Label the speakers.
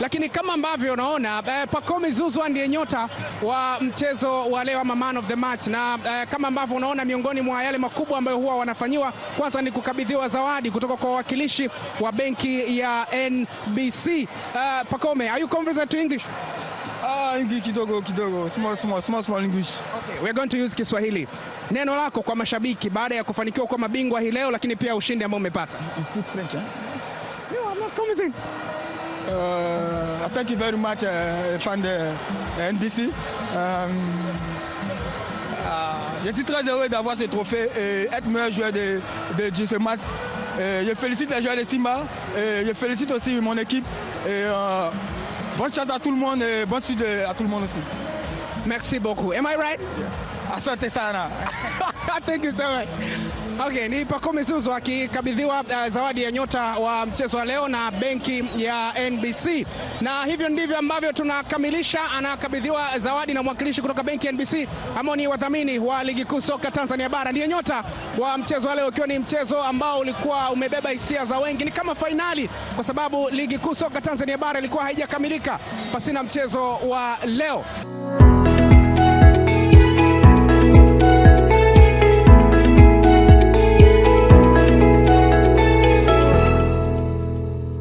Speaker 1: lakini kama ambavyo unaona eh, Pacome Zouzoua ndiye nyota wa mchezo wa leo ama man of the match, na eh, kama ambavyo unaona miongoni mwa yale makubwa ambayo huwa wanafanyiwa kwanza ni kukabidhiwa zawadi kutoka kwa wawakilishi wa benki ya NBC. Uh, eh, Pacome, are you conversant to English?
Speaker 2: Ah, English kidogo kidogo, small small small small English.
Speaker 1: Okay, we are going to use Kiswahili. Neno lako kwa mashabiki baada ya kufanikiwa kuwa mabingwa hii leo, lakini pia ushindi ambao umepata.
Speaker 2: You speak French, eh?
Speaker 1: No, I'm not conversant.
Speaker 2: Uh, thank you very much, uh, fan de uh, NBC. Um, je suis très heureux d'avoir ce trophée et être meilleur joueur de, ce match. je félicite les joueurs de Simba et je félicite aussi mon équipe. Et, bonne chance à tout le monde et bonne suite à tout le monde aussi.
Speaker 1: Merci beaucoup. Am I right? Asante sana. Thank you Okay, ni Pacome Zuzu akikabidhiwa uh, zawadi ya nyota wa mchezo wa leo na benki ya NBC, na hivyo ndivyo ambavyo tunakamilisha. Anakabidhiwa zawadi na mwakilishi kutoka benki ya NBC ambao ni wadhamini wa ligi kuu soka Tanzania bara. Ndiye nyota wa mchezo wa leo, ukiwa ni mchezo ambao ulikuwa umebeba hisia za wengi. Ni kama fainali, kwa sababu ligi kuu soka Tanzania bara ilikuwa haijakamilika pasina mchezo wa leo.